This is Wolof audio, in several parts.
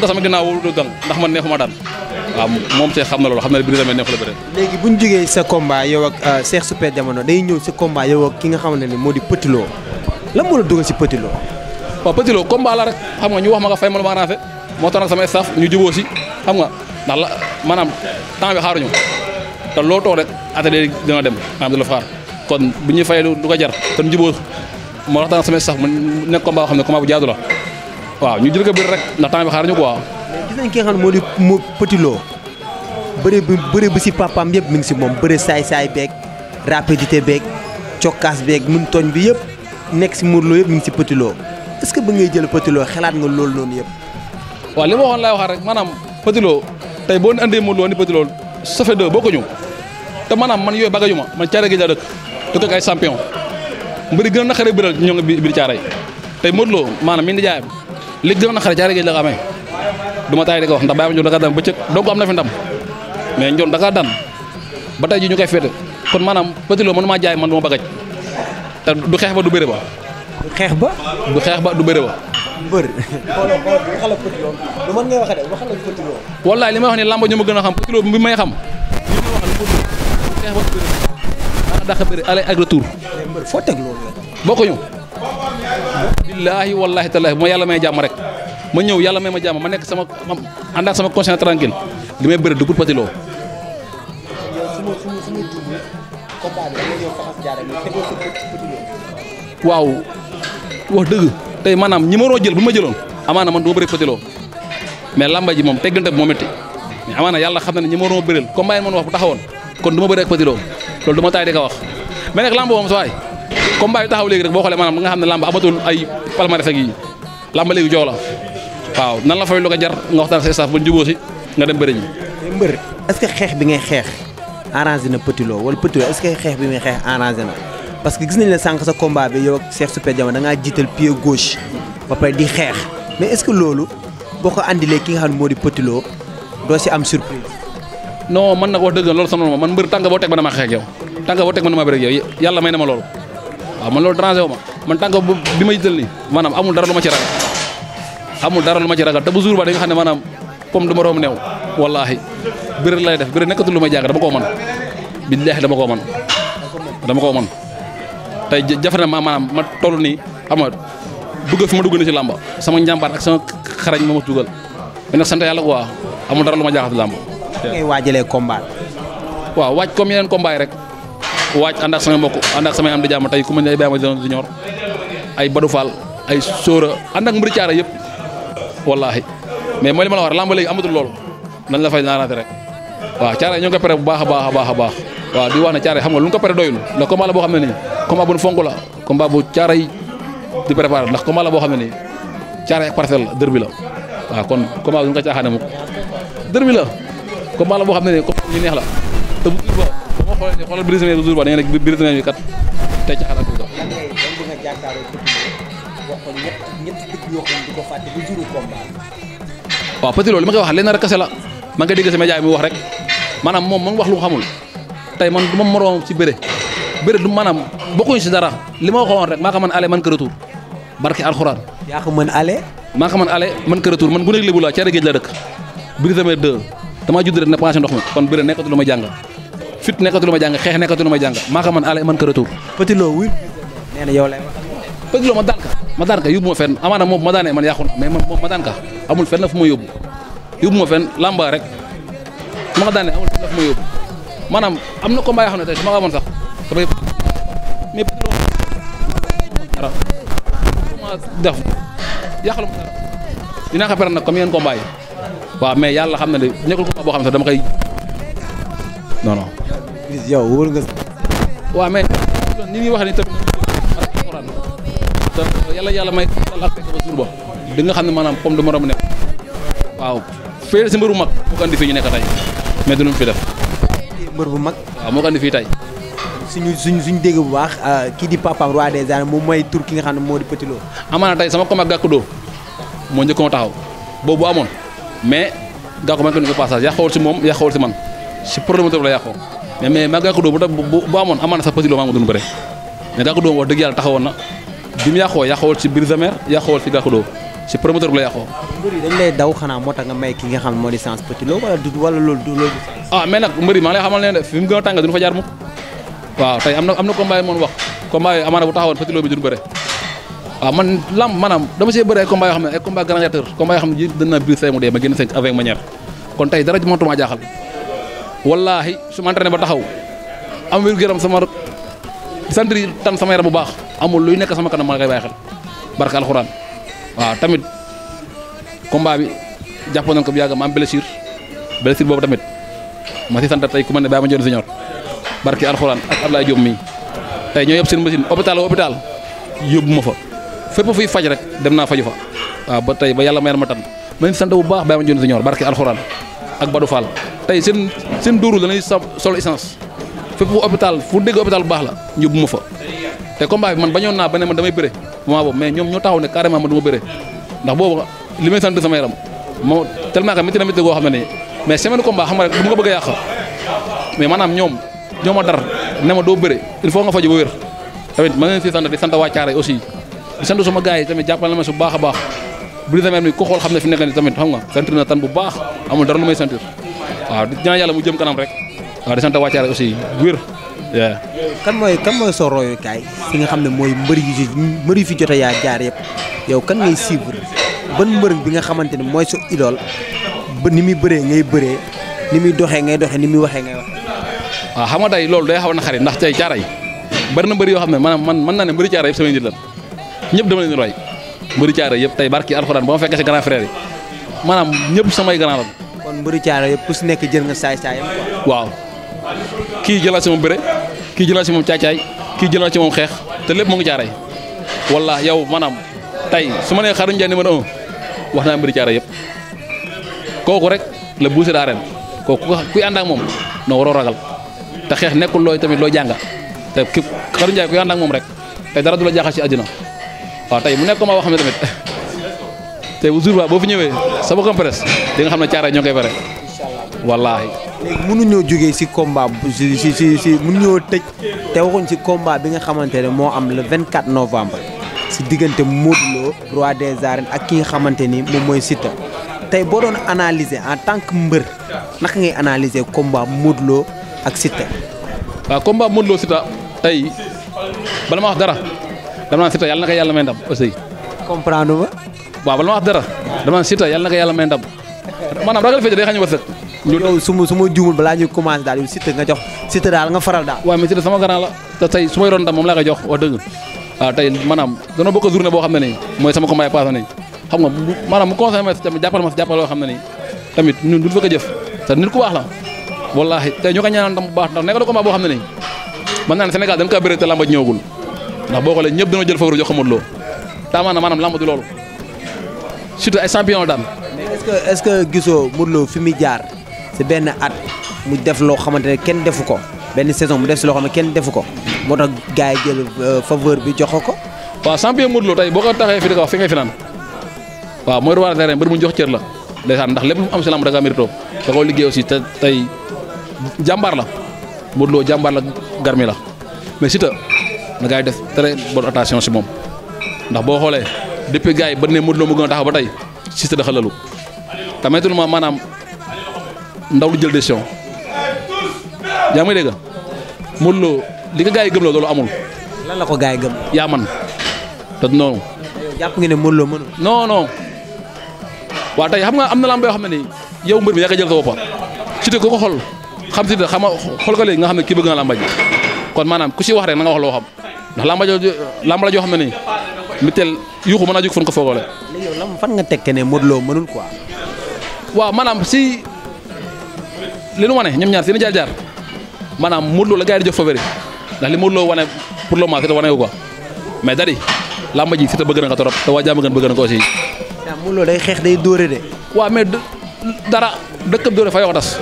comme que sama ginnaaw wóolu du gang ndax man neexuma daan waaw moom see xam na loolu xam ne bi ñu demee neexu la bëre léegi bu ñu jógee sa combat yow ak euh, Cheikh Super Diamono day ñëw sa combat yow ak ki nga xam ne ni moo di Petit Lo lan moo la dugal si Petit Lo waaw Petit Lo combat la rek xam nga ñu wax ma nga fay ma lu ma arrangé moo tax nag sama staff ñu jubóo si xam nga ndax la maanaam temps bi xaaruñu te loo toog rek atelier dina dem maanaam du la faar kon bu ñuy fayee du ko jar te ñu jubóo moo tax sama staff mu nekk combat xam ne combat bu jaadu la waaw ñu jël ko biir rek ndax temps bi xaar ñu quoi. mais gis nañ xam ne moo di moo Petit Lo bëre bi bëre bi si papaam yëpp mi ngi si moom bëre saay-saay beeg rapidité beeg cokkaas beeg mun tooñ bi yëpp nekk si Modou Lo yëpp mi ngi si Petit Lo que ba ngay jël Petit Lo xalaat nga loolu noonu yëpp. waaw li ma waxoon laay waxaat rek maanaam Petit Lo tey boo andee Modou Lo ni Petit Lo ça fait deux bokkuñu te maanaam man yooyu bagañu ma man caare gi laa dëkk dëkk ak ay champion gën a naqaree biral ñoo ngi biir caare tey Modou Lo maanaam mi li gën a xare jaaree géej la ko amee du taay di ko wax ndax bàyyi ma njoon da kaa daan am na fi ndam mais njoon da kaa ba tey ji ñu koy féete kon maanaam Petit Lo maa jaay man du ma bagaj te du xeex ba du bëre ba. xeex ba. du xeex ba du bëre ba. bëri. wallaay li may wax ni làmb ñu ma gën a xam Petit Lo bi may xam. li ma wax ni Petit Lo du xeex ba du bëre ba. maanaam dàq bokkuñu. billaahi wallaahi tallaahi bu ma yàlla jàmm rek ma ñëw yàlla may ma jàmm ma nekk sama ma ànd ak sama conscience tranquille li may bëri du waaw wax dëgg tey maanaam ñi jël bu ma jëloon amaana man du ma bëri patiloo mais lamba ji moom teggante bi moo métti mais amaana yàlla xam na ne ñi ma waroo man wax bu taxawoon kon du ma bëri ak patiloo loolu du ma taay di ko wax mais nag lamba moom combat yu taxaw léegi rek boo xoolee maanaam nga xam ne làmb la waaw nan la fay lu jar nga waxtaan sa staff bu ñu jubóo si dem bëri ñi. mbër est-ce que xeex bi ngay xeex arrangé na Petit Lo wala xeex bi ngay xeex arrangé na parce que gis nañ la sànq sa combat yow ak Cheikh da ngaa jiital pied gauche ba pare di xeex mais est-ce que loolu boo ko andilee ki nga xam ne moo di Petit Lo si am surprise. non man nag wax dëgg loolu sonal ma man mbër tànk boo teg ma damaa xeex ak yow boo teg ma damaa bëri ak yow yàlla may na ma loolu. waaw man loolu dérangé wu ma man tànk bi ma yitteel nii maanaam amul dara lu ma ci ragal amul dara lu ma ci ragal te bu jour ba da nga xam ne maanaam pomme du moroom neew wallaahi bëri lay def bëri nekkatul lu may jàng dama koo mën billaahi dama koo mën dama koo mën tey jafe na ma maanaam ma toll nii xam nga dugg fi ma dugg na ci làmba sama njàmbaar ak sama xarañ ma ma dugal mais nag sant yàlla quoi amul dara lu ma jaaxal làmba. ngay waajalee combat. waaj comme yeneen combat waaj ànd ak samay mbokk ànd ak samay am di jàmm tey ku ma ne Ibrahima Junior ay Badou Fall ay Sóora ànd ak mbir caara yëpp wallaahi mais mooy li ma la wax a làmb léegi amatul loolu nañ la fay naaraate rek waaw caara ñoo ngi ko pare bu baax a baax a baax a baax waaw di wax ne caara xam nga lu ñu ko pare doyul ndax combat la boo xam ne nii la combat bu caara yi di préparé ndax combat la boo xam ne nii caara ak parcelle la dër bi la waaw kon combat bu ñu ko caaxaane mukk dër bi la combat la boo xam ne nii combat ñu neex la xoolal brise mer bu jour ba da nga nekk brise mer tey ci xalaat bi dox. lan ngay lan waaw peut li ma koy wax lenn rek kese la ma nga dégg sama mu wax rek maanaam moom man wax lu xamul tey man du ma moroom ci bëre bëre du maanaam bokkuñ si dara li ma waxoon rek maa ko mën ale man ko retour barke alxuraan. yaa ko mën ale. maa ko mën ale man ko man bu nekk lébu laa cere géej la dëkk brise mer 2 damaa judd rek ne passé ndox mi kon bëre nekkatu lu ma jànga fit nekkatu lu ma jàng xeex nekkatu lu ma jàng maa ko man ala man ko retour. Petit Lo ma daan ka ma daan ka yóbbu ma fenn amaana moom ma daanee man yàqu ma daan ka amul fenn fu ma yóbbu yóbbu ma fenn làmba rek ma ma yóbbu maanaam am na combat yoo xam ne tey su ma amoon sax ma def yàqalu ma dara dinaa ko perte nag comme yeneen combat yi yàlla xam na ne nekkul combat boo xam ne dama koy non non. yow wóor nga. waaw mais ni ñuy wax ni tamit yàlla yàlla may ak ba suur ba di nga xam ne maanaam comme du morom nekk waaw fee si mbër bu mag moo ko andi fii ñu nekk bu mag. waaw tey. suñu suñ suñu dégg bu baax euh, kii di papaam roi des arènes moom mooy tur ki nga xam ne moo di Petit Lo. amaana tey sama kom ak gàkku doo moo njëkk moo taxaw boobu amoon mais gàkku man ko ni ko passage yàqool si moom yàqool si man si problème mu la yàqoo. mais mais mais gàkku dóom bu bu amoon amaana sax petit lo maa ma doon bëre mais gàkku dóom wax dëgg yàlla taxawoon na bi yàqoo yàqoo ci biir Zamer yàqoo ci gàkku dóom ci promoteur bi la yàqoo. mbër yi dañ lay moo tax nga may ki nga xam moo di wala du wala loolu du loolu. ah mais nag mbër yi maa ngi lay xamal ne fi mu gën a tàng duñu fa jaar waaw tey am na am na moom wax combat yi amaana bu taxawoon petit bi duñu bëre waaw ah, man lam maanaam dama see bëre ay combat yoo xam ne ay xam ne ji wallaahi su ma entraîné ba taxaw am wér gu yaram sama sant tan sama yaram bu baax amul luy nekk sama kanam ma koy bàyyi xel barka alxuraan waaw tamit combat bi jàppoon nañ ko bu yàgg ma am blessure blessure boobu tamit ma si sant tey ku ma ne bàyyi ma joon senior barki alxuraan ak Ablaye Diop ñoo yëpp seen machine hôpital hôpital yóbbu ma fa fépp fuy faj rek dem naa faju fa waaw ba tey ba yàlla mayar ma tan ma sant bu baax bàyyi ma joon senior barki alxuraan ak Badou Fall tey seen seen dóoru danay sol essence fépp fu hôpital fu dégg hôpital bu baax la ñu bu ma fa te combat bi man bañoon naa ba ne man damay bëre moment boobu mais ñoom ñoo taxaw ne carrément man du ma ndax boobu li may sant sama yaram moo na métti goo xam ne nii mais semaine combat xam nga rek du ma ko bëgg a yàq mais ma dar ne doo bëre il faut nga faju ba wér tamit ma ngeen si sant di sant waa Thiaroye aussi di sant sama gars yi tamit jàppal na ma su baax a baax bu di tamit mi ko xool xam ne fi nekk nii tamit xam nga sant na tan bu baax amul dara lu may sentir waaw di ñaan yàlla mu jëm kanam rek waaw di sant wàccaare aussi wér. kan mooy kan mooy soo royukaay fi nga xam ne mooy mbër yu si mbër fi jot a yaa jaar yëpp yow kan ngay suivre ban mbër bi nga xamante ne mooy sa idole ba ni muy bëree ngay bëree ni muy doxee ngay doxee ni muy waxee ngay xam nga tey loolu day xaw na xarit ndax tey caara yi bari na mbëri yoo xam ne maanaam man mën naa ne mbëri caara yëpp samay nit lan ñëpp dama leen di roy mbëri caara yëpp tey barki alxuraan ba ma fekkee si grand frère yi maanaam ñëpp samay grand lan kon mbëri caare yëpp ku jël nga saay saayam quoi. waaw kii jëlaat si moom bëre kii jëlaat si moom caacaay kii jëlaat si moom xeex te lépp mu ngi caare wala yow maanaam tey su ma nee Khadim Ndiaye numéro un wax naa mbëri caare yépp kooku rek la buuse daa ren kooku kuy ànd moom noo waroo ragal te xeex nekkul looyu tamit loo jànga te ki Khadim Ndiaye kuy ànd moom rek tey dara du la jaaxal si àddina waaw tey mu nekk ma boo xam ne tamit. te bu jour ba boo sama compresse di nga xam ne caara ñoo koy bare wallaahi. léegi mënuñoo jógee si combat si si si si mënuñoo te waxuñ si combat bi nga xamante ne moo am le 24 novembre si diggante Modou Lo des arènes ak ki nga xamante ni moom mooy Siteu tey boo doon analyser en tant que mbër naka ngay analyser combat Modou Lo ak Siteu. waa combat Modou Lo Siteu tey bala ma wax dara dama naan Siteu yàlla na ko yàlla may ndam aussi. comprendre nga. waaw bala ma wax dara dama Siteu yàlla na ko yàlla may ndam maanaam ragal fecc day xañ wërsëg loolu su ma su ma juumul balaa ñuy commencé daal yow Siteu nga jox Siteu daal nga faral daal waaw mais Siteu sama grand la te tey su may doon ndam moom laa jox wax dëgg waaw tey maanaam danoo bokk journée boo xam ne nii mooy sama combat passé nañ xam nga mu conseillé ma tamit jàppal ma si jàppal loo xam ne nii tamit ñun duñ fekk jëf te nit ku baax la wallahi tey ñu ko bu baax ndax na combat boo xam ne nii man naa ne Sénégal dañ ko béré te lamba ñëwagul ndax boo xoolee ñëpp dañoo jël favori jox xamul loo surtout ay champion la daan. est-ce que gisoo Modou Lo fi muy jaar si benn at mu def loo xamante ne kenn defu ko benn saison mu def si loo xam ne kenn defu ko moo tax gars yi jël euh, bi jox ko. waaw champion Modou Lo tey boo ko taxee fi di wax fi ngay fi waaw mooy roi terrain mbër mu jox cër la ndeysaan ndax lépp lu mu am si lamb da ngaa mérito da koo liggéey aussi te tey jàmbaar la Modou Lo jàmbaar la garmi la mais si na gaa yi def très bonne attention si moom ndax depuis gars yi ba ne Modou Lo mu gën a taxaw ba tey Siteu da xalalu tamit ma maanaam ndaw lu jël décision yaa ngi may dégg Modou Lo li ko yi gëm la loolu amul. lan la ko gars yi gëm. yaa man te noonu. ne Modou Lo mënul. non non waa tey xam nga am na lamb yoo xam ne nii yow mbër mi yaa ko jël sa boppam Siteu ko ko xool xam Siteu xam xool ko nga xam ne kii bëgg na lamba kon maanaam ku si wax rek na nga wax loo ndax lamba joo lamba xam ne nii. mi teel yuuxu mën naa jóg fan ko foogoole. fan nga tekkee ne Modou Lo mënul quoi. waaw maanaam si li nu wane ñoom ñaar seen jaar jaar maanaam Modou Lo la gars yi di jox favori ndax li Modou Lo wane pour le moment Siteu wane ko quoi mais dadi làmba ji te bëgg na nga trop te waa jàmm gën bëgg na ko aussi. waaw day xeex day dóore de. waaw mais dara dëkkam dóore fa yoo ko tas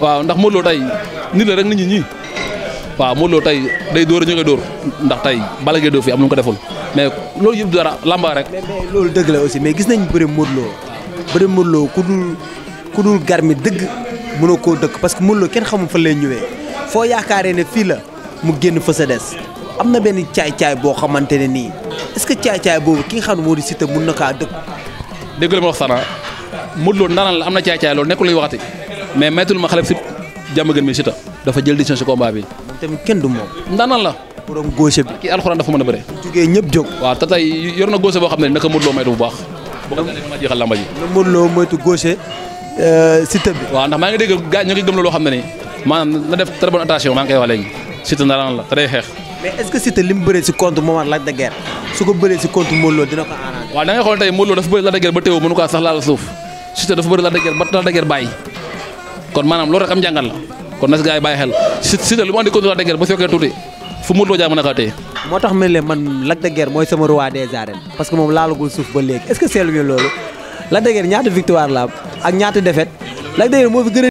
waaw ndax Modou Lo tey nit la rek nit ñi ñii waaw Modou Lo tey day dóore ñu koy dóor ndax tey bala ngay dóor fii am lu ko deful. mais loolu yëpp dara lamba rek. mais loolu dëgg la aussi mais gis nañ bëri Modou bëri Modou ku dul ku dul garmi dëgg mënoo koo dëkk parce que Modou kenn xamul fa lay ñëwee foo yaakaaree ne fii la mu génn fa sa des am na benn caay-caay boo xamante ne nii est que caay-caay boobu ki nga xam ne moo di na kaa dëkk. dëgg la ma wax sana Modou Lo ndaanaan la am na caay-caay loolu nekkul luy waxati mais maytul ma xale si jàmm gën mi Siteu dafa jël décision si combat bi. moom tamit kenn du moom. ndaanaan la. borom gauche bi kii alxuraan dafa mën a bëre. bu jugee ñëpp jóg. waaw te tey yor na gauche boo xam ne naka Modou Lo bu baax. boo a jeexal lamba ji. na Modou Lo moytu gauche euh, Siteu bi. waaw ndax maa ngi dégg gars ñu ngi gëm loo xam ne nii maanaam na def très bonne attention maa ngi wax léegi Siteu la te day xeex. mais est-ce que Siteu li mu bëree si compte Momar Lac de Guiers su ko bëree si compte Modou Lo dina ko arrangé. waaw da ngay xool tey Modou Lo dafa bëri Lac de Guiers ba teewoo mënu ko sax laal suuf Siteu dafa bëri Lac ba Lac kon maanaam loolu am jàngal kon nas gars yi bàyyi xel Siteu lu mu andi contre Lac de ba su fekkee tuuti fu mu mënuloo jaay mën a xaatee. moo tax man man Lac de Guiers mooy sama roi des arènes parce que moom laalagul suuf ba léegi est ce que loolu Lac de Guiers victoire la ak ñaata défaite Lac de Guiers moo fi gën